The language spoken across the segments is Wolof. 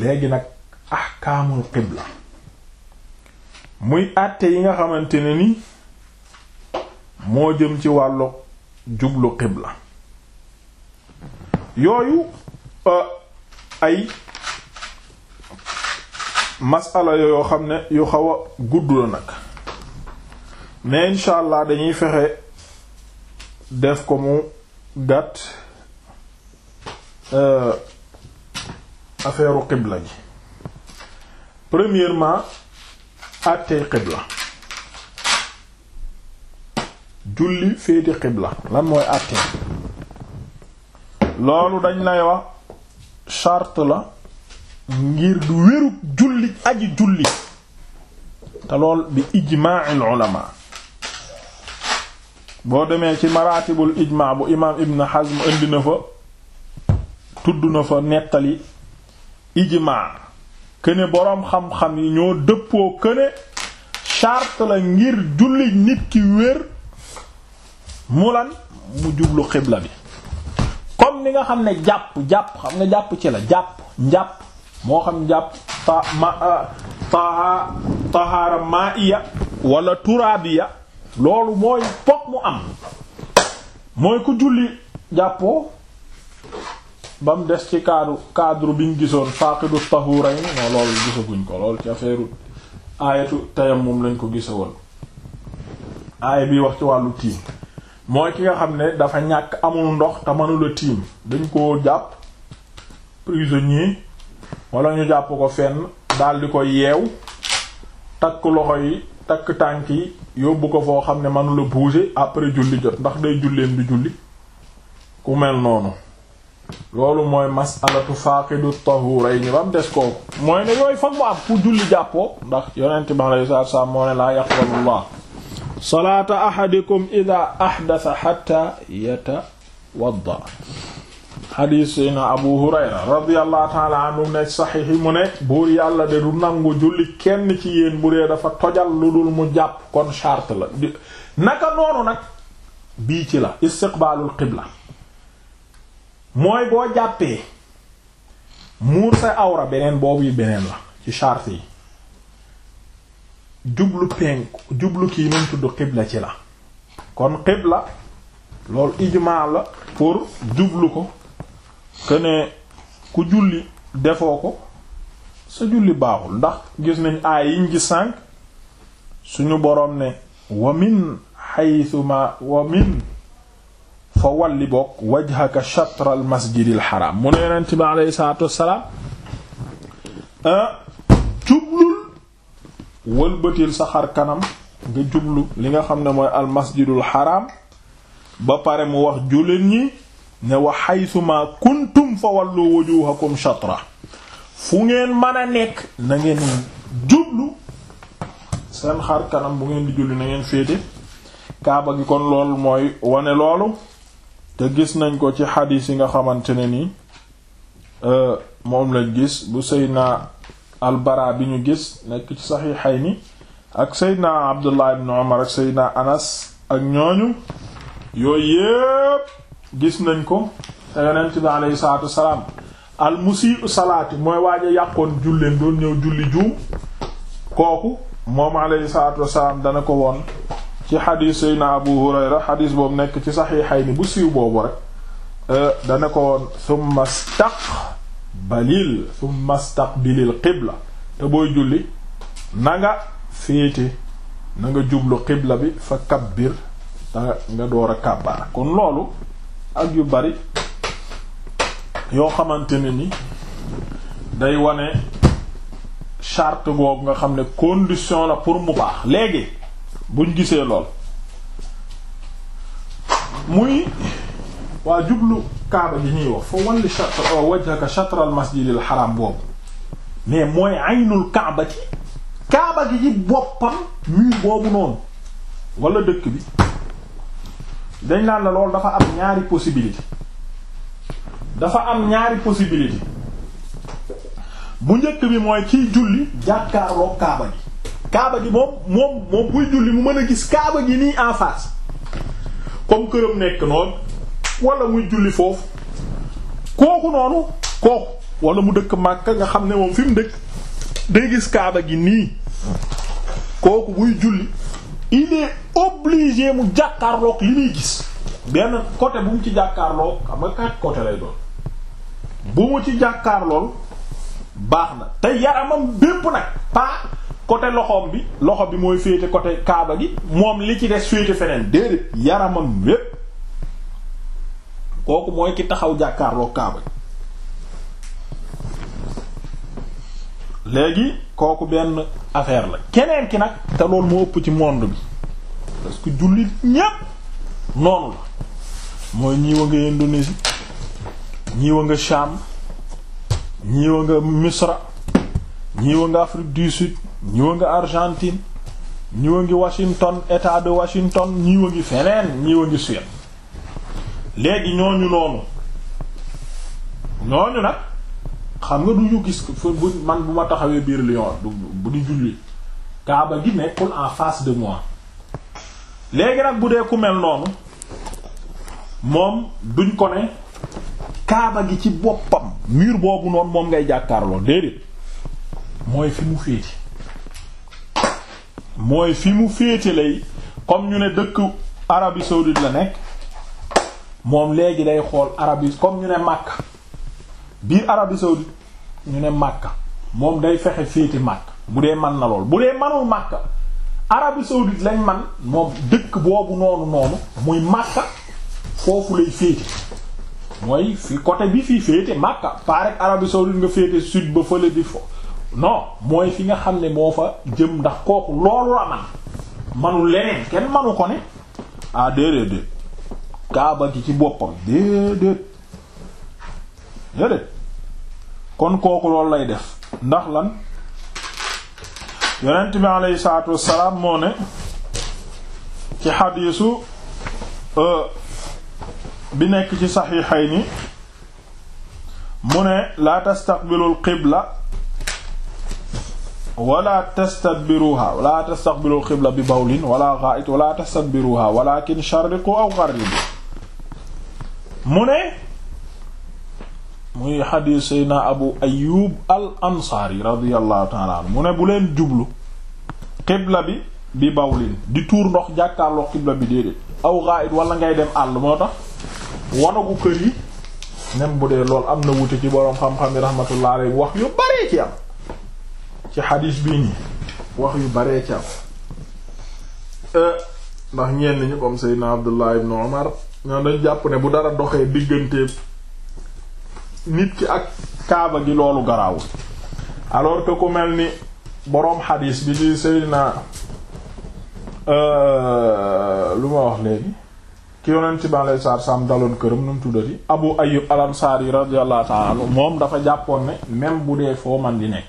léegi nag ahkaamul qibla muy àtte yi nga xamante ne ni moo jëm ci wàllu jublu qibla yooyu euh, ay masala yoo xam ne yu xaw a gudd la nag mais incha allah dañuy fexe def ko mu gàtt. Euh, affaire xibla ji premièrement àttee xibla julli féete xibla lan mooy àttee loolu dañ lay wax charte la ngir du wérug julli aji julli te lool bi ijmaa'il ulama boo demee ci maratibul ijma bu imaam Ibn Hazm indi na fa tudd na fa nettali ijmaa këne boroom xam-xam yi ñoo dëppoo këne charte la ngir jullit nit ki wér mu mu jublu xibla bi comme ni nga xam ne jàpp jàpp xam nga jàpp ci la jàpp jàpp moo xam jàpp ta ma taha tahaara maa iya wala turaabiya loolu mooy fokk mu am mooy ku julli jàppoo ba mu des ci cadre cadre bi ñu gisoon faaqidu tahurayn moo loolu gisaguñ ko lool ci affaire lañ ko gisa woon aaya bi wax ci wàllu tiim mooy ki nga xam ne dafa ñàkk amul ndox te mënula tiim dañ koo jàpp prisonnier wala ñu jàpp ko fenn daal di ko yeew takk loxo yi takk tànk yi yóbbu ko foo xam ne mënula bouger après julli jot ndax day julleem di julli ku mel noonu loolu mooy masalatu faaqidu tahurayni ba mu des kooku mooy ne yooyu foog mu ku julli jàppoo ndax yonent bi alayhi salaatu salaam moo ne laa yaqbalu llah salaata ahadikum ida ahdasa hatta yatawadda xadiis sayna abu hurayra radiallahu taala anhu ne saxiix mu ne buur yàlla de du nangu julli kenn ci yéen bu dee dafa tojal lu dul mu jàpp kon charte la naka noonu nag bii ci la istiqbaalul qibla mooy boo jàppee muur sa awra beneen boobu yi beneen la ci charte yi jublu penku jublu kii num tudd xibla ci la kon xibla loolu ijmaa la pour jublu ko que ne ku julli defoo ko sa julli baaxul ndax gis nañ aay yiñ gis sànq suñu boroom ne wa min haythuma wa min fa walli bokk wajhaka shatral masjidil haram mu ne yonent bi aleyhi salaatu wassalaam ah, jublul wëlbatil sa xar kanam nga jublu li nga xam ne mooy al masjidul haram ba pare mu wax jullit ñi ne wa haythuma kuntum fa wallu wujuhakum shatra fu ngeen mën a nekk na ngeen jublu seen xar kanam bu ngeen di julli na ngeen féete kaaba gi kon loolu mooy wane loolu te gis nañ ko ci xadiis yi nga xamante ne ni euh, moom lañ gis bu seydna albara bi ñu gis nekk ci saxiixay ni ak seydna abdullah ibn umar ak seydna anas ak ñooñu yooyu yépp gis nañ ko te yonent bi aleyhi salaatu wasalaam al musii'u salaati mooy waaje yàqoon julleen doon ñëw julli juum kooku moom aleyhi salaatu wasalaam dana ko won ci xadiis Seydina Abu Hurayra xadiis boobu nekk ci saxiixayni bu siiw boobu rek ko eh, ne ko woon summa staqbalil summa staqbilil qibla te booy julli na nga féete na nga jublu qibla bi fa biir te nga door a kàbbaar kon loolu ak yu bari yoo xamante ne ni day wane chart googu nga xam ne condition la pour mu baax léegi buñ gisee lool muy waa jublu kaaba ji ñuy wax fa walli shatr wajhaka shatr al masjid haram boobu mais mooy aynul kaaba ci kaaba gi ci boppam muy boobu noonu wala dëkk bi dañ laa la lool dafa am ñaari possibilité dafa am ñaari possibilité bu njëkk bi mooy kiy julli jàkkaarloo kaaba gi kaaba gi moom moom moom buy julli mu mën a gis kaaba gi nii en face comme këram nekk noonu walla muy julli foofu kooku noonu kooku wala mu dëkk Makka nga xam ne moom fi mu dëkk day gis kaaba gi nii kooku buy julli il est obligé mu jàkkaarloog li muy gis benn côté bu mu ci jàkkaarloog xam nga quatre côté lay doon bu mu ci jàkkaarlool baax na te yaramam bépp nag pas côté loxoom bi loxo bi mooy féete côté kaaba gi moom li ci des féete feneen déedéet yaramam wépp kooku mooy ki taxaw jàkkaarloo kaaba gi léegi kooku benn affaire la keneen ki nag te loolu moo ëpp ci monde bi parce que jullit ñépp noonu la mooy ñiiwa nga Indonésie ñiiwa nga Cham ñiiwa nga Misra ñiiwa nga Afrique du Sud ñiwa ngi Argentine a ngi Washington état de Washington ñiwa ngi feneen ñiwa ngi Suède léegi ñooñu noonu ñooñu nag xam nga duñu ñu gis bu man bu ma taxawee biir Lyon bu di julli kaaba gi nekkul en face de mois léegi nag bu dee ku mel noonu moom duñ ko ne kaaba gi ci boppam mur boobu noonu moom ngay jàkkaarloo déedéet mooy fi mu féeti mooy fi mu féete lay comme ñu ne dëkk Arabie saoudite la nekk moom léegi day xool Arabie comme ñu ne Makka biir Arabie saoudite ñu ne Makka moom day fexe féete Makka bu dee man na lool bu dee manul Makka Arabie saoudite lañ man moom dëkk boobu noonu noonu muy Makka foofu lay féete mooy fi côté bi fii féete Makka pare Arabie saoudite nga féete sud ba fële di fo no mooy fi nga xam ne moo fa jëm ndax kooku loolu la man manul leneen kenn manu ko ne ah déedéet déet kaaba gi ci boppam déedéet déedéet kon kooku loolu lay def ndax lan yonent bi aleyhi salaatu wassalaam moo ne ci xadiisu euh, bi nekk ci saxiixayni mu ne laa tastaqbilul qibla wala tastadbiruha wala tastaqbilu bi bawlin wala ghaa'it wala tastadbiruha walakin sharriqu aw gharribu mu ne muy xadiis sayna abu ayub al ansaari radiallahu taala anhu mu ne bu leen jublu xibla bi bi bawlin di tuur ndox jàkkaarloo xibla bi déedéet aw ghaa'it wala ngay dem àll moo tax wanagu kër yi nem bu dee lool am na wute ci boroom xam-xam yi rahmatullah alayhi wax yu bare ci am ci xadiis bii nii wax yu baree ci eh, ndax ñenn ñi comme Seydina Abdullah ibn Umar ñoo dañ jàpp ne bu dara doxee diggante nit ki ak kaaba gi loolu garaawul alors que ku mel ni boroom xadiis bi di Seydina eh, lu ma wax léegi ki yonent bi alayhi salaatu salaam daloon këram nu mu tuddati Abu Ayyub al-Ansari radiyallahu ta'ala moom dafa jàppoon ne même bu dee foo man di nekk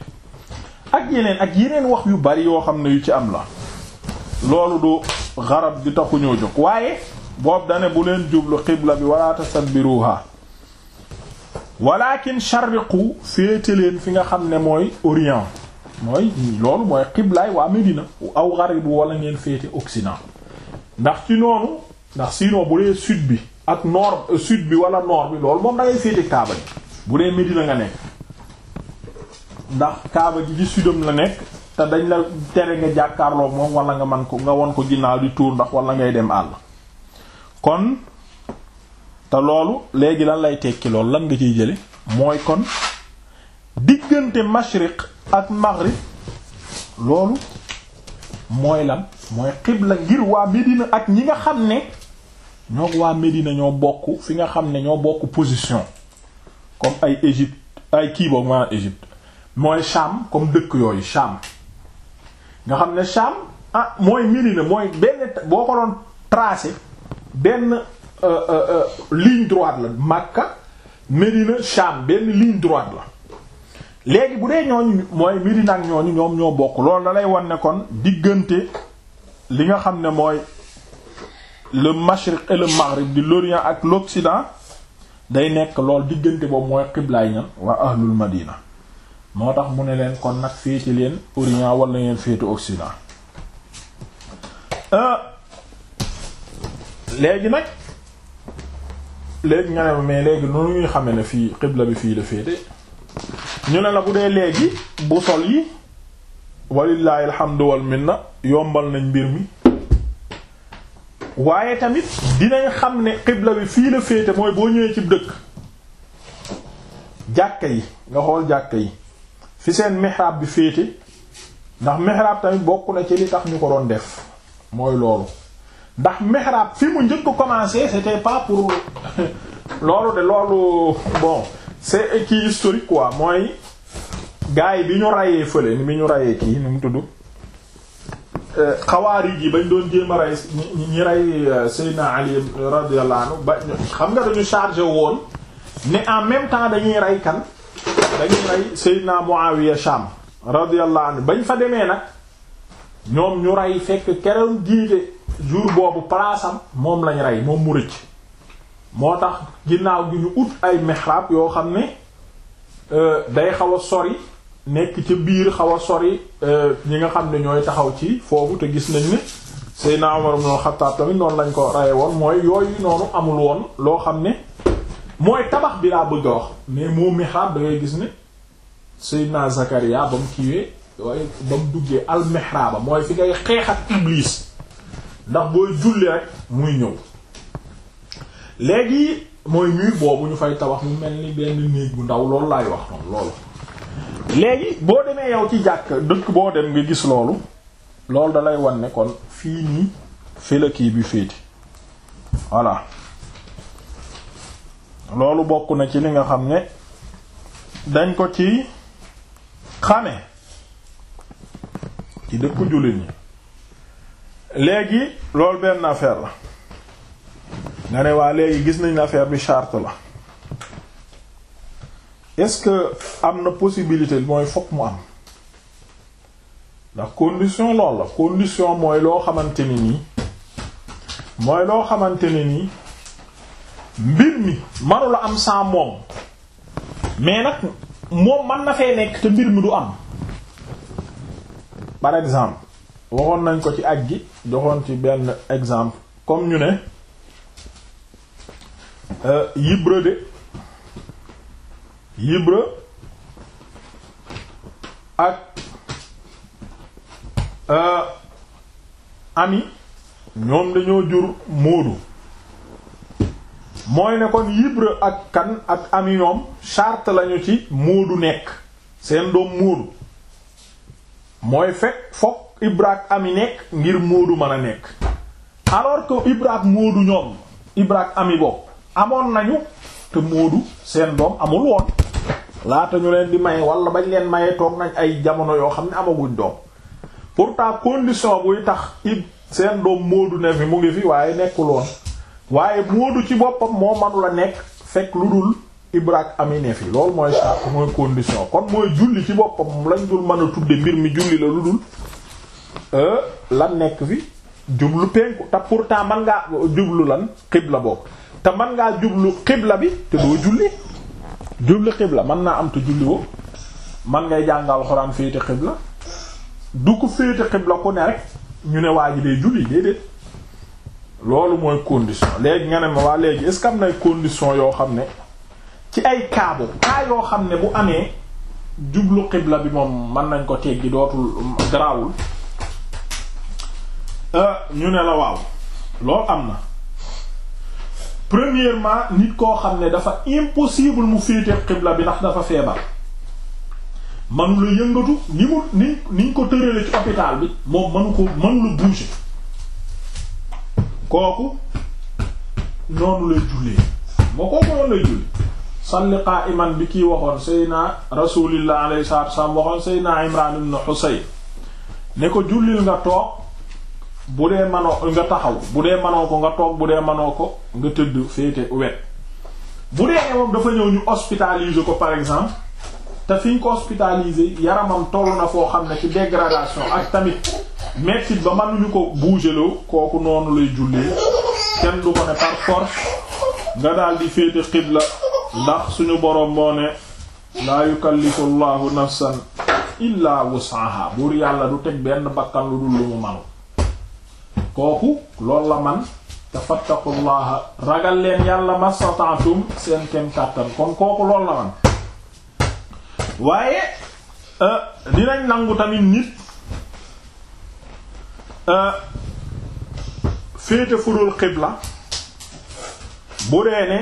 ak yeneen ak yeneen wax yu bari yoo xam ne yu ci am la loolu du garab di taxu ñoo jóg waaye boobu dane bu leen jublu xibla bi wala tasabbiruha walakin sharriqu féete leen fi nga xam ne mooy orient mooy loolu mooy xiblaay waa Medina aw garibu wala ngeen féete occident ndax ci noonu ndax sinon bu dee sud bi ak nord euh, sud bi wala nord bi loolu moom da ngay féete Kaaba bi bu dee Medina nga nekk ndax kaaba gi ci sidom la nekk te dañ la tere nga jàkkaarloo moom wala nga man ko nga won ko ginnaaw di tuur ndax wala ngay dem àll kon te loolu léegi lan lay tekki loolu lan nga ciy jële mooy kon diggante mashriq ak maghrib loolu mooy lan mooy xibla ngir waa Médina ak ñi nga xam ne ñoo waa Médina ñoo bokk fi nga xam ne ñoo bokk position comme ay Égypte ay kii boog maanaam Égypte mooy Sham comme dëkk yooyu Sham nga xam ne Sham ah mooy Médina mooy benn boo ko doon tracé benn euh, euh, euh, ligne droite la Makka Médina Sham benn ligne droite la léegi bu dee ñooñu mooy Médina ak ñooñu ñoom ñoo bokk loolu da lay wan ne diggante li nga xam ne mooy le mashriq et le maghrib di l'orient ak l'occident day nekk lool diggante boobu mooy xiblaay ñan waa ahlul madina moo tax mu ne leen kon nag féete leen orient wala ngeen féete occident euh, léegi nag léegi nga ne mais léegi nu ñuy xame ne fii xibla bi fii la féete ñu ne la bu dee léegi bu sol yi walillahi alhamdu wal minna yombal nañ mbir mi waaye tamit dinañ xam ne xibla bi fii la féete mooy boo ñëwee ci dëkk jàkka yi nga xool jàkka yi fi seen mihrab bi féete ndax mihrab tamit bokk na ci li tax ñu ko doon def mooy loolu ndax mihrab fi mu njëkk commencé c'était pas pour loolu de loolu bon c'est kii historique quoi mooy gars yi bi ñu rayee fële ni bi ñu rayee kii nu mu tudd xawaarij euh, yi bañ doon jéem a rey ñi rey euh, Seydina Ali radiyallahu anhu ba xam nga dañu chargé woon ne en même temps dañuy rey kan dañu naa Seydina Muawiya Sham radiyallahu anhu bañ fa demee nag ñoom ñu rey fekk keroon jiite jour boobu palaasam moom lañ rey moom mu rëcc moo tax ginnaaw gi ñu ut ay mihrab yoo xam ne euh, day xaw a sori nekk ci biir xaw a sori euh, ñi nga xam ne ñooy taxaw ci foofu te gis nañ ne Seydina Umar ibn Khattab tamit noonu lañ ko reye woon mooy yooyu noonu amul woon loo xam ne mooy tabax bi laa bëgg mais moo mihrab da ngay gis ni Seydina Zakaria ba mu kiiwee bam ba mu duggee al mihraaba mooy fi ngay xeex ak Iblis ndax booy julli rek muy ñëw léegi mooy mur boobu ñu fay tabax mu mel ni benn néeg bu ndaw loolu laay wax noonu loolu léegi boo demee yow ci jàkk dëkk boo dem nga gis loolu loolu dalay lay wan ne kon fii nii fii la kii bi féeti voilà loolu bokk na ci li nga xam ne dañ ko ci xame ci dëkku jullit ñi léegi loolu benn affaire la nga ne waa léegi gis nañ affaire bi charte la est-ce que am na possibilité mooy fokk mu am ndax condition lool la condition mooy loo xamante ni nii mooy loo xamante ne nii mbir mi manu am sans moom mais nag moom man na fee nekk te mbir mi du am par exemple waxoon nañ ko ci aj gi joxoon ci benn exemple comme ñu ne euh, yibre de yibre ak euh, ami ñoom dañoo jur móodu mooy ne kon Yibra ak Kan ak ami ñoom charte lañu ci Moodu nekk seen doom Moodu mooy fekk fokk Ibra ami nekk ngir Moodu mën a nekk alors ko Ibra ak ñoom Ibra ak ami bopp amoon nañu te Moodu seen doom amul woon laata ñu leen di maye wala bañ leen maye toog nañ ay jamono yoo xam ne amaguñ doom pourtant condition buy tax ib seen doom Moodu ne fi mu ngi fi waaye nekkul woon waaye moodu ci boppam moo manula nekk fekk lu dul ibrak amine fi loolu mooy sart mooy condition kon mooy julli ci boppam lañ dul mën a tudde mbir mi julli la lu dul euh, lan nekk fi jublu penku te pourtant man ngaa jublu lan xibla boobu te man ngaa jublu xibla bi te doo julli jublu xibla man naa am te julli woo man ngay jàngal xoraan féete xibla du ko féete xibla ku ne rek ñu ne waa ji day julli déedéet loolu mooy condition léegi nga ne ma waa léegi est-ce am nay condition yoo xam ne ci ay kaabu kaa yoo xam ne bu amee jublu xibla bi moom mën nañ ko teggi dootul garaawul euh, ñu ne la waaw loolu am na premièrement nit koo xam ne dafa impossible mu féete xibla bi ndax dafa feebar man la yëngatu ni mu ni niñ ko tërale ci hôpital bi moom mënu ko mënu la bouger kooku noonu lay jullee moo kooku noonu lay jullee salli qa'iman bi kii waxoon sayna rasulillah alayhi salatu wasallam waxoon sayna imran ibn husayn ne ko jullil nga toog bu dee manoo nga taxaw bu dee manoo ko nga toog bu dee manoo ko nga tëdd féete wet bu dee moom dafa ñëw ñu hospitaliser ko par exemple te fi ñu ko hospitaliser yaramam tollu na foo xam ne ci dégradation ak tamit mettit ba mënuñu ko bougeloo kooku noonu lay jullee kenn du ko ne par force nga daal di féete xibla ndax suñu boroom moo ne laa yukallifu nafsan illaa wus'aha buur yàlla du teg benn bakkan lu dul lu mu manu kooku loolu la man te fattaqullaha ragal leen yàlla mastata'tum seen kem kàttan kon kooku loolu la man waaye euh, dinañ nangu tamit nit Euh, féete furul xibla bu dee ne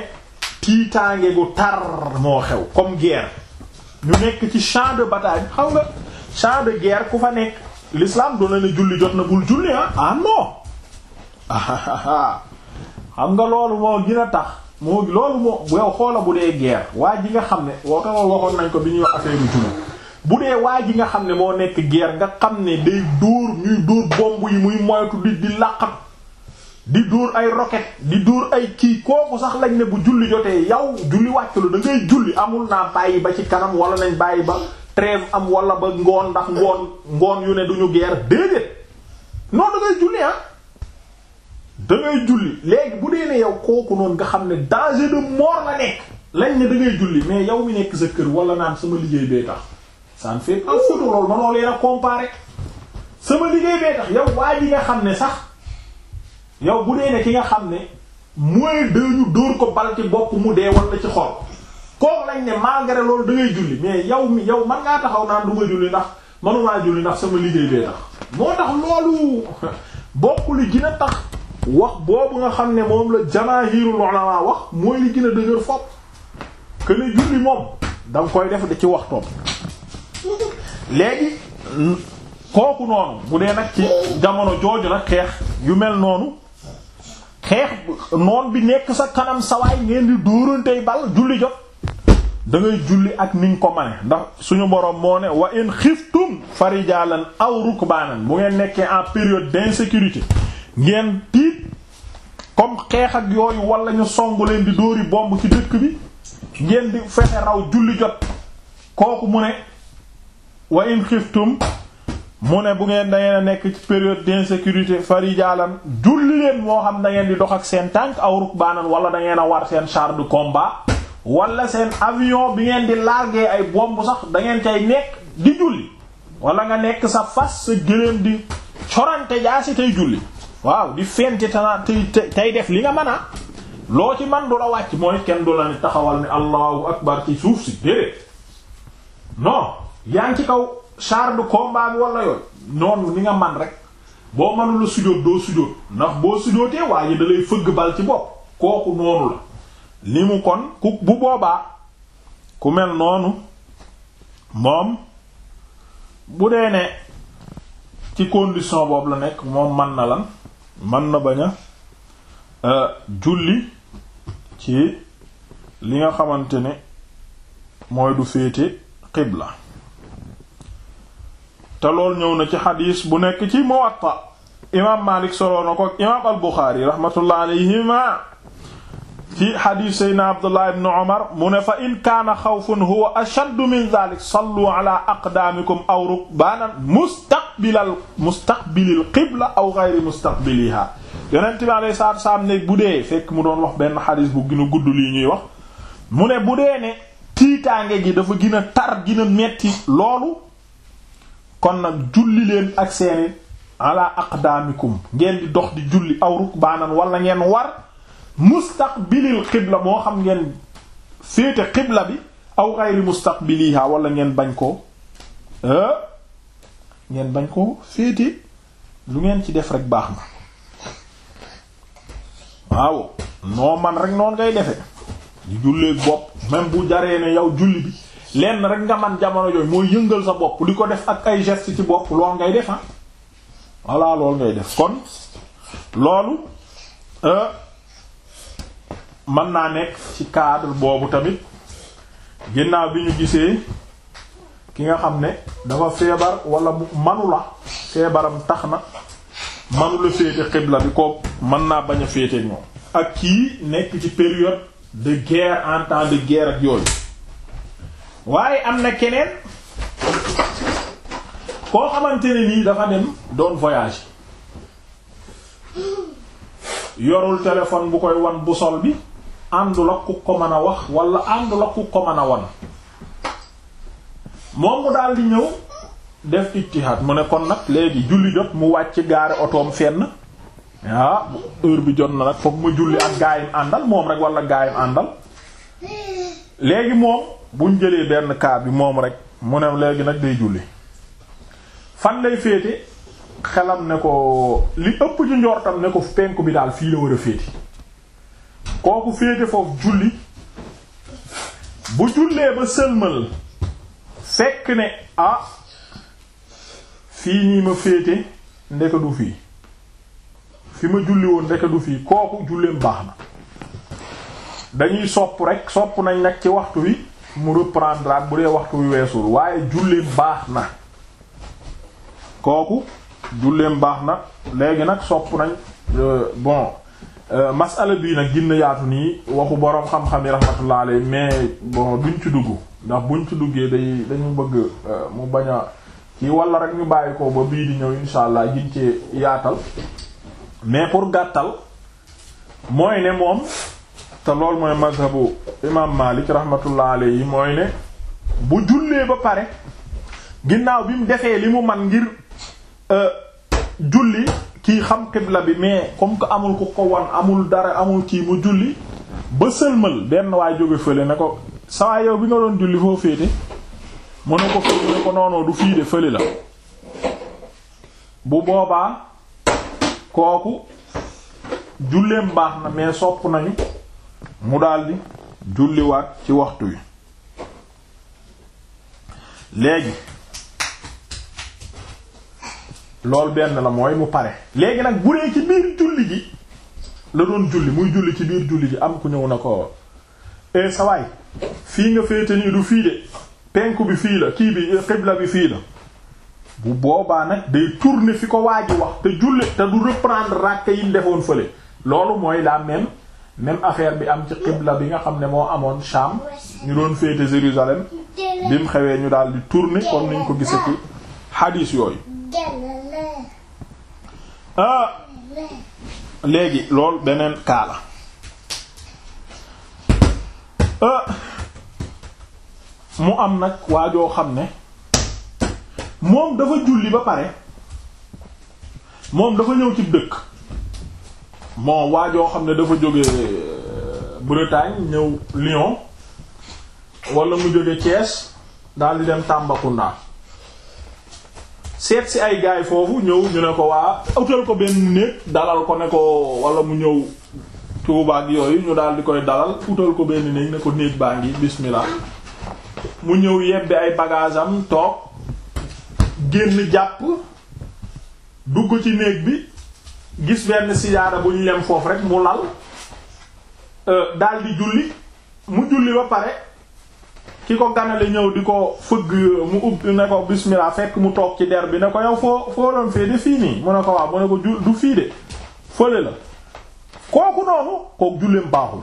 tiitaange gu tar moo xew comme guerre ñu nekk ci champ de bataille xam nga champ de guerre ku fa nekk lislaam du ne julli jot na bul julli ah ah non xam nga loolu moo gën a tax moo loolu moo yow xoola bu dee guerre waa ji nga xam ne woo ko waxoon nañ ko bi ñuy wax affaire julli bu dee waa ji nga xam ne moo nekk guerre nga xam ne day dóor ñuy dóor bomb yi muy moytu di di làqat di dóor ay roquette di dóor ay kii kooku sax lañ ne bu julli jotee yow julli wàccu da ngay julli amul naa bàyyi ba ci kanam wala nañ bàyyi ba trêve am wala ba ngoon ndax ngoon ngoon yu ne duñu guerre déedéet non da ngay julli ah da léegi bu dee ne yow kooku noonu nga xam ne danger de mort la nekk lañ ne da julli mais yow mi nekk sa kër wala naan sama liggéey bee tax ça ne fait pas photo loolu manoo leen a comparer sama liggéey bee tax yow waa ji nga xam ne sax yow bu dee ne ki nga xam ne mooy dëñu dóor ko bal ci mu dee wala ci xol kook lañ ne malgré loolu da ngay julli mais yow mi yow man ngaa taxaw naan du ma julli ndax manumaa julli ndax sama liggéey bee tax moo tax loolu bokk li gën a tax wax boobu nga xam ne moom la jamaahirul ulama wax mooy li gën a dëgër fopp que ne julli moom danga koy def da ci waxtoom léegi kooku noonu bu dee nag ci jamono jooju nag xeex yu mel noonu xeex noon bi nekk sa kanam sawaay ngeen di dóorantey bal julli jot dangay julli ak ni nga ko mane ndax suñu borom moo ne wa in xiftum farijaalan aw rukbaanan bu ngeen nekkee en période d'insécurité ngeen tiit comme xeex ak yooyu wala ñu song leen di dóori bomb ci dëkk bi ngeen di fexe raw julli jot kooku mu ne wa in xiftum mu ne bu ngeen da a nekk ci période d'insécurité farijaalan julli leen moo xam dangeen di dox ak seen tànk aw rukbaanan wala da ngeen a war seen char de combat wala seen avion bi ngeen di larguer ay bomb sax dangeen ngeen nekk di julli walla nga nekk sa fas sa gëléem di corante jaasi tey julli waaw di fenti tana tey tey def li nga mën a loo ci man du la wàcc mooy kenn du la ni taxawal ni allahu akbar ci suuf si déedéet non yaa ngi ci kaw char de combat bi wala yooyu noonu ni nga man rek boo mënula sujjóot doo sujjóot ndax boo sujjóotee waaye da fëgg bal ci bopp kooku noonu la li mu kon ku bu boobaa ku mel noonu moom bu dee ne ci condition boobu la nekk moom man na lan man na bañ euh, julli ci li nga xamante ne mooy du féete la te lool ñëw na ci xadiis bu nekk ci muwatta imaam Maalik soloo na ko imaam al Buxaari rahmatullah alayhima ci xadiis seydna Abdullah ibn Umar mu ne fa in kaana xawfun huwa ashaddu min dalik sallu ala aqdaamikum aw rukbaanan mustaqbilal mustaqbilil qibla aw gayri mustaqbiliha yonent bi alayhi salaam ne bu dee fekk mu doon wax benn xadiis bu gën a gudd lii ñuy wax mu ne bu dee ne tiitaange gi dafa gën a tar gën metti loolu kon nag julli leen ak seeni ala aqdaamikum ngeen di dox di julli aw rukbaanan walla ngeen war mustaqbilil xibla moo xam ngeen féete xibla bi aw xayri mustaqbiliha wala ngeen bañ ko euh, ngeen bañ ko féete lu ngeen ci def rek baax na waaw noo man rek noon ngay defe di julleek bopp même bu jaree ne yow julli bi lenn rek nga man jamono jooju mooy yëngal sa bopp di ko def ak ay geste ci bopp lool ngay defa ah voilà ngay def kon loolu euh, mën naa nekk ci cadre boobu tamit ginnaaw bi ñu gisee ki nga xam ne dafa feebar walla mu la feebaram tax na manu la féete xibla bi ko mën naa bañ a féete ñoom. ak kii nekk ci période de guerre en temps de guerre ak yooyu waaye am na keneen koo xamante ne nii dafa dem doon voyage yorul téléphone bu koy wan bu sol bi àndul ak ku ko mën a wax wala àndul ak ku ko mën a wan moom mu daal di ñëw def ittihaad mu ne kon nag léegi julli jot mu wàcc gaare otoom fenn ah heure bi jot na nag foog ma julli ak gaayam àndal moom rek walla gaayam àndal léegi moom buñ jëlee benn kaar bi moom rek mu ne léegi nag day julli fan lay féete xelam ne ko li ëpp ci njortam ne ko penku bi daal fii la war a féete kooku féete foofu julli bu jullee ba sëlmal fekk ne ah fii nii ma féete ndeke du fii fi ma julli woon ndeke du fii kooku julleem baax na dañuy sopp rek sopp nañ nag ci waxtu wi mu reprendre at bu dee waxtu wi weesul waaye julleem baax na kooku julleem baax na léegi nag sopp nañ euh, bon euh, masala bii nag gin yaatu nii waxu boroom xam-xam yi rahmatullah alayhi mais bon duñ ci dugg ndax buñ ci duggee day dañu bëgg euh, mu bañ a ci walla rek ñu bàyyi ko ba bii di ñëw insha allah gin ci yaatal mais pour gàttal mooy ne moom te loolu mooy mazhabu imaam Malik rahmatullah alayhi mooy ne bu jullee ba pare ginnaaw bi mu defee li mu man ngir euh, julli kii xam xibla bi mais comme que amul ku ko won amul dara amul kii mu julli ba sëlmal benn waay jóge fële ne ko sawaay yow bi nga doon julli foo féete mu ne ko fële mu ne ko noonoo du fii de fële la bu boobaa kooku julleem baax na mais sopp nañu mu daldi julliwaat ci waxtu wi léegi lool benn la mooy mu pare léegi nag bu dee ci biir julli ji la doon julli muy julli ci biir julli ji am ku ñëw na ko e eh, sawaay fii nga féete nii du fii de penku bi fii la kii bi eh, xibla bi fii la bu boobaa nag day tourner fi ko waa ji wax te julli te du reprendre ràkk yi mu fële loolu mooy la même même affaire bi am ci xibla bi nga xam ne moo amoon Sham ñu doon féete Jérusalem bi xewee ñu daal di tourner comme niñ ko gisee ci yooyu ah, léegi lool beneen kaala ah, mu am nag waa waajoo xam ne moom dafa julli ba pare moom dafa ñëw ci dëkk bon waajoo xam ne dafa jóge euh, Bretagne ñëw Lyon walla mu jóge Thiès daal di dem Tambacounda seet si ay gaay foofu ñëw ñu ne ko waa utal ko benn néeg dalal ko ne ko wala mu ñëw Touba ak yooyu ñu daal di koy dalal utal ko benn néeg ne ko néeg baa ngi bismillah mu ñëw yebbi ay bagage am toog génn jàpp dugg ci néeg bi gis benn sijaada bu ñu lem foofu rek mu lal euh, daal julli mu julli ba pare ki ko ganale ñëw di ko fëgg mu ubb ne ko bismillah fekk mu toog ci der bi ne ko yow foo foo doon fee de fii nii mu ne ko waaw mu ne ko du fii de fële la kooku noonu kooku julleem baaxul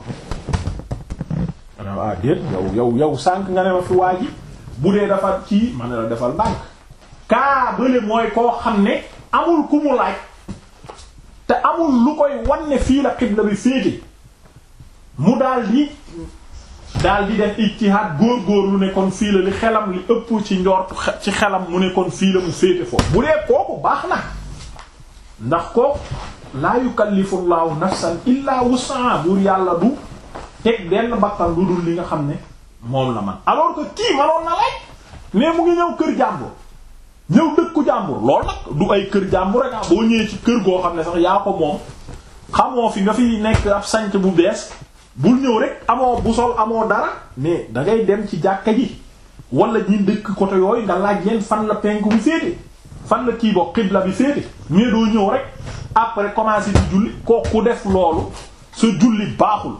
waaw ah, déet yow yow yow sànq nga ne ma fi waa ji bu dee dafa kii ma la defal ndànk kaa bële mooy koo xam ne amul ku mu laaj te amul lu koy wanne fii la xibla bi féete mu daldi di daal di def ijtihaad góorgóorlu ne kon fii la li xelam li ëpp ci njort ci xelam mu ne kon fii la mu féete foofu bu dee kooku baax na ndax kooku laa yukallifu llahu nafsan illa wus'aha buur yàlla du teg benn bakkan lu dul li nga xam ne moom la man alors que kii manoon na lay mais mu ngi ñëw kër jàmbur ñëw dëkku jàmbur loolu nag du ay kër jàmbur rek ah boo ñëwee ci kër goo xam ne sax yaa ko moom xamoo fi nga fi nekk ab sanc bu bees bul ñëw rek amoo bu amoo dara mais da ngay dem ci jàkka ji wala ñi dëkk côté yooyu nga laaj leen fan la penku bi féete fan la kii bo xibla bi féete mais doo ñëw rek après commencé di julli kooku def loolu sa julli baaxul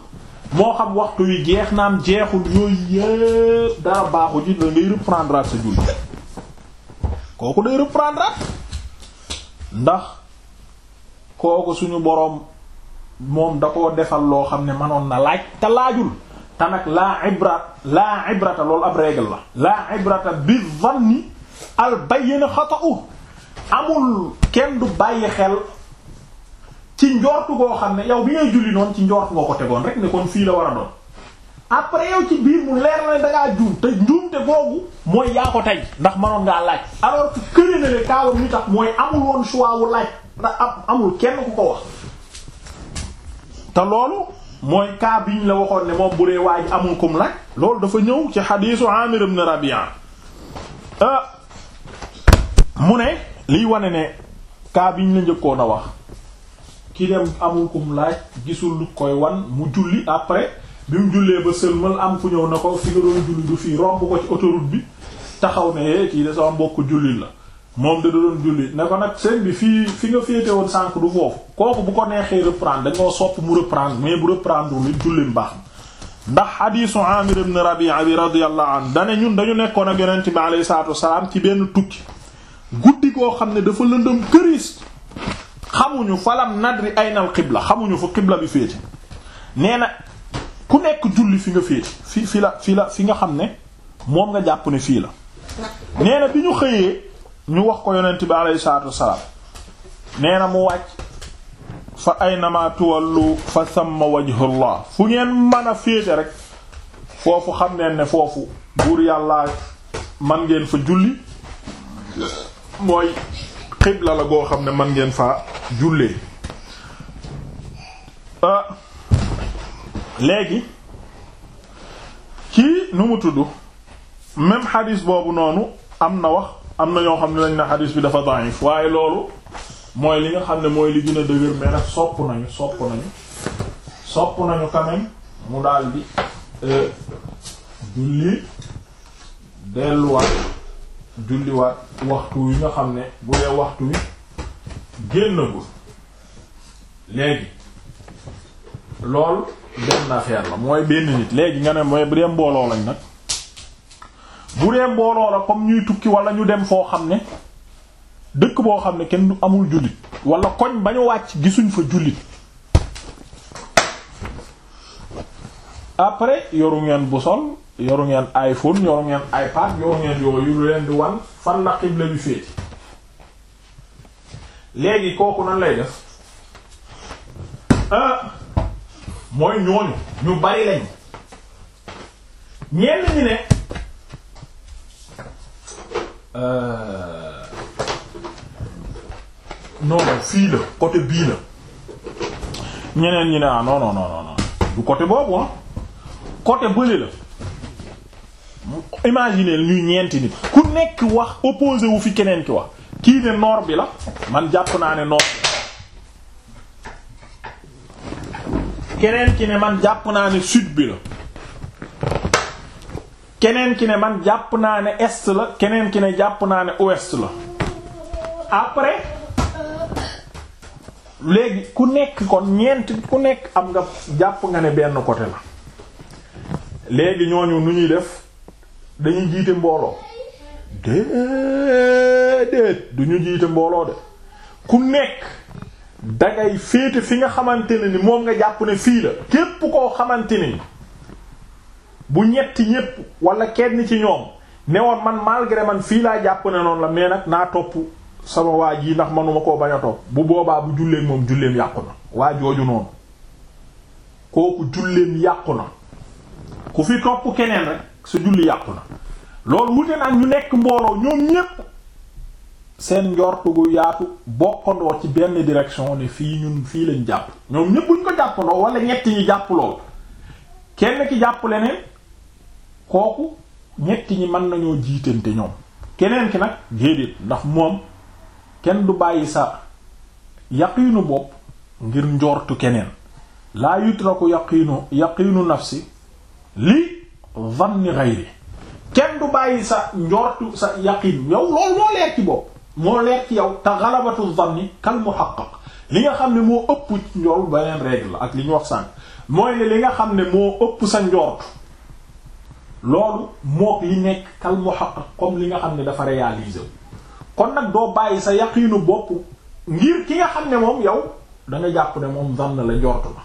moo xam waxtu wi jeex naam jeexul yooyu yëpp dara baaxul ji da ngay reprendre sa julli kooku day reprendre ndax kooku suñu boroom moom da koo defal loo xam ne mënoon na laaj te laajul te nag laa ibrat laa ibrata loolu ab règle la laa ibrata bi zanni al bayyin xata'u amul kenn du bàyyi xel ci njortu goo xam ne yow bi ngay julli noon ci njort nga ko tegoon rek ne kon fii la war a doon après yow ci biir mu leer na ne da ngaa juum te njuumte boobu mooy yaa ko tey ndax mënoon ngaa laaj alors que kële ne kaawam ñu tax mooy amul woon choix wu laaj ndax amul kenn ku ko wax te loolu mooy cas biñ la waxoon ne moom bu dee waa amul kum laaj loolu dafa ñëw ci xadiisu Amir ibn Rabi'a euh, mu ne liy wane ne cas biñ la njëkkoon a wax ki dem amul kum laaj gisul lu koy wan mu julli après bi mu jullee ba sëlmal am fu ñëw na ko fi nga doon julli du fii romb ko ci autoroute bi taxaw ne hee eh, kii de sama mbokk julli la moom da doon julli ne ko nag sëñ bi fii fi nga féete woon sànq du foofu kooku bu ko neexee reprendre dañoo sopp mu reprendre mais bu reprendre li jullim baax ndax hadisu Amir ibn Rabi'a bi radiyallahu anhu dane ñun dañu nekkoon ak yonent bi alayhi salaatu wasalaam ci benn tukki guddi koo xam ne dafa lëndëm këris xamuñu falam nadri aynal qibla xamuñu fu qibla bi féete nee ku nekk julli fi nga féet fi fi la fi la fi nga xam ne moom nga jàpp ne fii la nee na bi ñu xëyee ñu wax ko yonent bi alayhi salaatu wassalaam nee na mu wàcc fa aynama tuwallu fa samma wajhullah fu ngeen mën a féete rek foofu xam neen ne foofu buur yàlla man ngeen fa julli mooy xibla la goo xam ne man ngeen fa jullee ah, léegi kii nu mu tudd même xadis boobu noonu am na wax am na ñoo xam ne lañ ne xadis bi dafa da'if waaye loolu mooy li nga xam ne mooy li gën a dëgër mais nag sopp nañu sopp nañu sopp nañu quand mu daal di euh, julli delluwaat julliwaat waxtu wi nga xam ne bu dee waxtu wi génnagul léegi loolu benn affaire la mooy benn nit léegi nga ne mooy bu dee mbooloo lañu nag bu dee mbooloo la comme ñuy tukki wala ñu dem foo xam ne dëkk boo xam ne kenn amul jullit wala koñ ba ñu wàcc gisuñ fa jullit après yoru ngeen bu yoru ngeen iPhone yoru ngeen iPad yoru ngeen yooyu lu leen di wan fan la xibla bi féeti léegi kooku nan lay def euh, mooy ñooñu ñu bari lañ ñenn ñi ne euh, non non fii la côté bii la ñeneen ñi ne ah non non non du côté boobu ah côté bële la imaginez ñuy ñeenti nit ku nekk wax opposé wu fi keneen ki wax kii ne nord bi la man jàpp naa ne nord keneen ki ne man jàpp naa ne sud bi la keneen ki ne man jàpp naa ne est la keneen ki ne jàpp naa ne ouest la après léegi ku nekk kon ñeent ku nekk am nga jàpp nga ne benn côté la léegi ñooñu nu ñuy def dañuy jiite mbooloo déedéet du ñu jiite mbooloo de ku nekk dangay féete fi nga xamante ne ni moom nga jàpp ne fii la képp koo xamante ni bu ñetti ñépp wala kenn ci ñoom ne woon man malgré man fii laa jàpp ne noonu la mais nag naa topp sama waa ji ndax manuma koo bañ bu boobaa bu julleem moom julleem yàqu na waa jooju noonu kooku julleem yàqu na ku fi topp keneen rek sa julli yàqu na loolu wute nag ñu nekk mbooloo ñoom ñépp seen njortu gu yaatu bokkandoo ci benn direction ne fii ñun fii lañ jàpp ñoom ñépp ko jàppandoo wala ñetti ñi jàpp lool kenn ki jàpp leneen kooku ñetti ñi mën nañoo jiitante ñoom keneen ki nag déedéet ndax moom kenn du bàyyi sa yaqiinu bopp ngir njortu keneen laa yutraku yaqiinu yaqiinu si li vanni ghayri kenn du bàyyi sa njortu sa yaqin yow loolu moo leer ci bopp moo lekk ci yow te xalabatu zanni kal muhaqqaq li nga xam ne moo ëpp njool beneen règle la ak li ñu wax sànq mooy ne li nga xam ne moo ëpp sa njort loolu mook li nekk kal muhaqqaq li nga xam ne dafa réalisé kon nag doo bàyyi sa yaqiinu bopp ngir ki nga xam ne moom yow da jàpp ne moom zann la njort la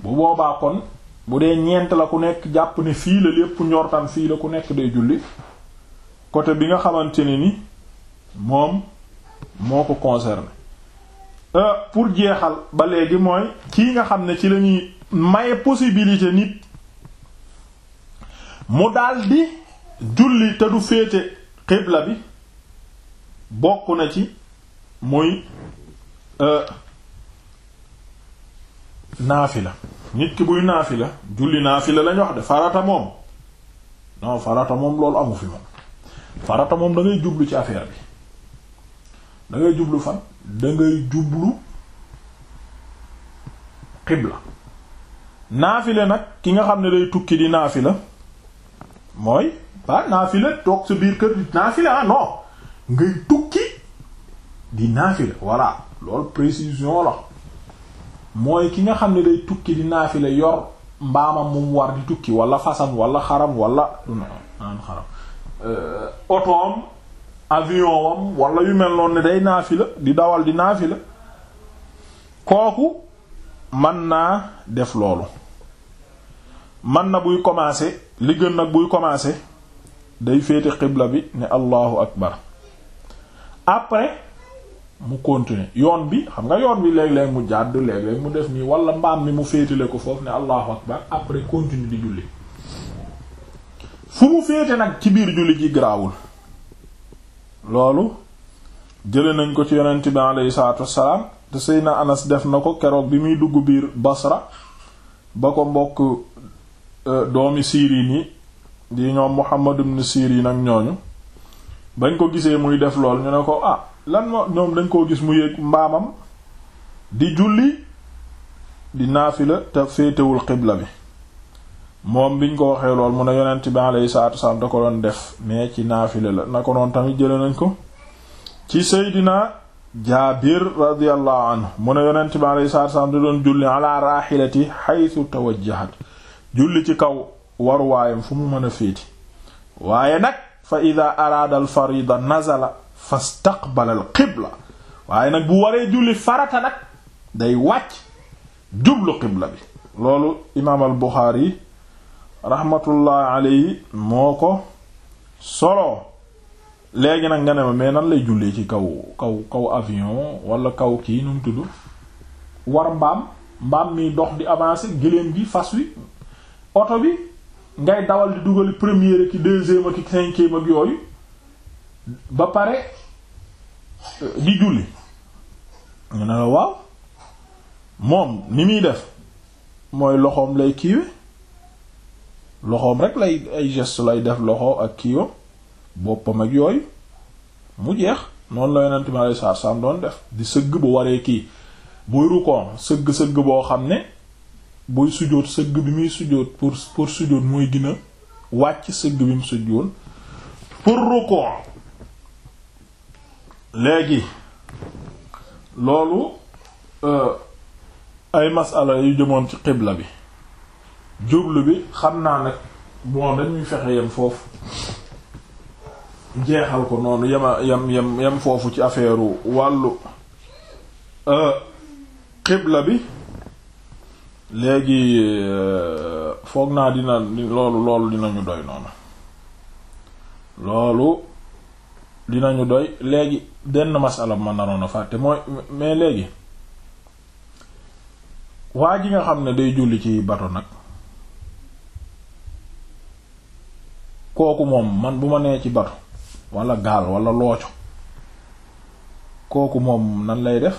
bu boobaa kon bu dee ñeent la ku nekk jàpp ne fii la lépp njortam fii la ku nekk day julli côté bi nga xamante ne ni moom moo ko concerné euh, pour jeexal ba léegi mooy kii nga xam ne ci lañuy ñuy maye possibilité nit mu daldi julli te du féete xibla bi bokk na ci muy euh, naafila nit ki buy naafila julli la lañ wax de farata moom non farata moom loolu amu fi moom farata moom da jublu ci affaire bi dangay jublu fan da jublu xibla naafile nag ki nga xam ne day tukki di naafila mooy ba naafila toog sa biir kër di naafila ah non ngay tukki di naafila voilà lool précision la mooy ki nga xam ne day tukki di naafila yor mbaamam mu war di tukki wala fasam walla xaram wala non xaram euh, otoom avion wam walla yu mel noon ne day naafi la di dawal di naafi la kooku man naa def loolu man na buy commencer li gën nag buy commencer day féete xibla bi ne allahu akbar après mu continue yoon bi xam nga yoon bi léeg-léeg mu jàdd léeg mu def nii wala mbaam mi mu féetale ko foofu ne allahu akbar après continuer di julli fu mu féete nag ci biir julli ji garaawul loolu jële nañ ko ci yonent bi aleyhi salaatu wassalaam te Seydina Anas def na ko keroog bi muy dugg biir Basra ba ko mbokk e, doomi Siiriin yi di ñoom Muhammad ibn Siiriin ak ñooñu bañ ko gisee muy def lool ñu ne ko ah lan moo ñoom dañ koo gis mu yéeg mbaamam di julli di naafila te féetewul xibla bi moom biñ ko waxee lool mu ne yonent bi alayhi salaatu wasalaam da ko doon def mais ci naafile la na ko noon tamit jële nañ ko ci seydina jaabir radiyallahu anhu mu ne yonent bi alayhi salaatu wasalaam da doon julli ala raahilati haythu tawajjahat julli ci kaw waruwaayam fu mu mën a féeti waaye nag fa ida araada al farida nazala fastaqbala al qibla waaye nag bu waree julli farata nag day wàcc jublu qibla bi loolu imaam al buxaari rahmatullah alayhi moo ko solo léegi nag nga ne ma mais nan lay jullee ci kaw kaw kaw avion wala kaw kii nu mu tudd war mbaam mbaam mi dox di avancer gëléem gi fas wi oto bi ngay dawal di dugal première ak deuxième ak ak yooyu ba pare euh, di julli nga ne la waaw moom ni muy def mooy loxoom lay kiiwe loxoom rek lay ay geste lay def loxo ak kiiwam boppam ak yooyu mu jeex noonu la yonent mi alayhi salaatu salaam doon def di sëgg bu waree kii buy rukoon sëgg-sëgg boo xam ne buy sujjóot sëgg bi muy sujjóot pour pour sujjóot mooy gën wàcc sëgg bi mu sujjóot pour rukoon léegi loolu euh, ay masala yu jëmoon ci xibla bi jublu bi xam naa nag bon dañuy fexe yem foofu jeexal ko noonu yema yem yem yem foofu ci affaire wàllu euh, xibla bi léegi euh, foog naa dina loolu loolu dinañu doy noonu loolu dinañu doy léegi den masala ma naroon fàtte mooy mais léegi waa ji nga xam ne day julli ci bato nag kooku moom man bu ma nee ci bato walla gaal wala looco kooku moom nan lay def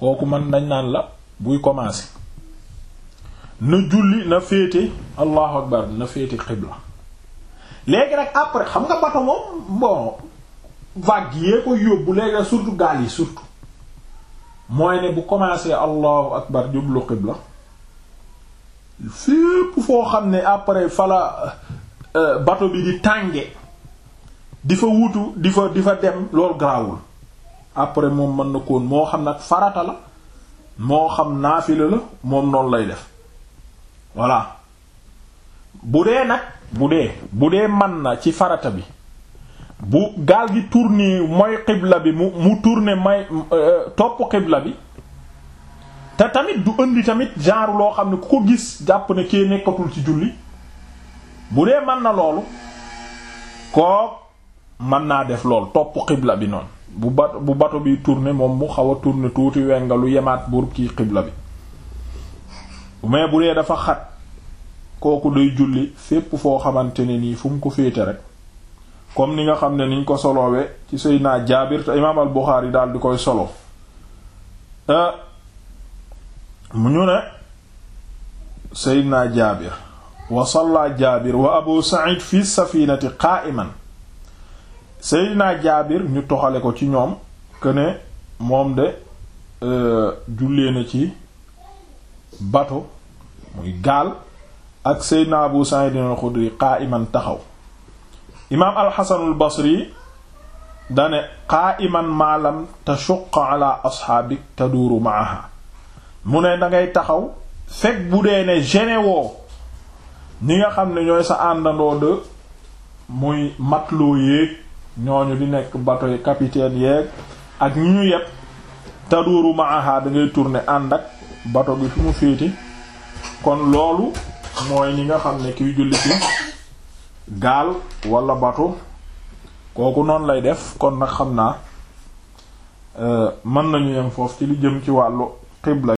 kooku man dañ naan la buy commencer na julli na féete allahu akbar na féete xibla léegi nag après xam nga bato moom bon vague yee ko yóbbu léegi nag surtout gaal yi surtout mooy ne bu commencer allahu akbar jublu xibla fépp foo xam ne après fala euh, bato bi di tànge di fa wutu di fa di fa dem loolu garaawul après moom mën na koon moo xam nag farata la moo xam naafila la moom noonu lay def voilà bu dee nag bu dee bu dee man na ci farata bi bu gaal gi tourner mooy xibla bi mu mu tourner may euh, topp xibla bi te tamit du indi tamit genre loo xam ne ku ko gis jàpp ne kee nekkatul ci julli bu dee mën na loolu kook mën naa def lool topp xibla bi noonu bu bat bu bato bi tourné moom mu xaw a tourné tuuti wengalu yemaat buur kii xibla bi mais bu dee dafa xat kooku day julli fépp foo xamante ne nii fu ko féete rek comme ni nga xam ne niñ ko solowee ci naa Jaabir te imaam al Buxaari daal di koy solo. Euh, mu ñu ne seydna jaabir wa salla jaabir wa abu sa'id fi safinati qa'iman seydna jaabir ñu toxale ko ci ñoom que ne moom de euh, jullee na ci bato muy gaal ak seydna abu sa'id al-xudri qa'iman taxaw imaam alxasanul basri dane qa'iman maalam tashuq ala asxaabik taduuru maaha mu ne da ngay taxaw fekk bu dee ne gene woo ñi nga xam ne ñooy sa àndandoo de muy matelot yeeg ñooñu di nekk bateau yi capitaine yeeg ak ñu ñu yeb taduuru maaha da ngay tourner ànd ak bateau bi fi mu féete kon loolu mooy ñi nga xam ne kiy julli ci gaal wala bateau kooku noonu lay def kon nag xam naa euh, mën nañu yem foofu ci li jëm ci wàllu xibla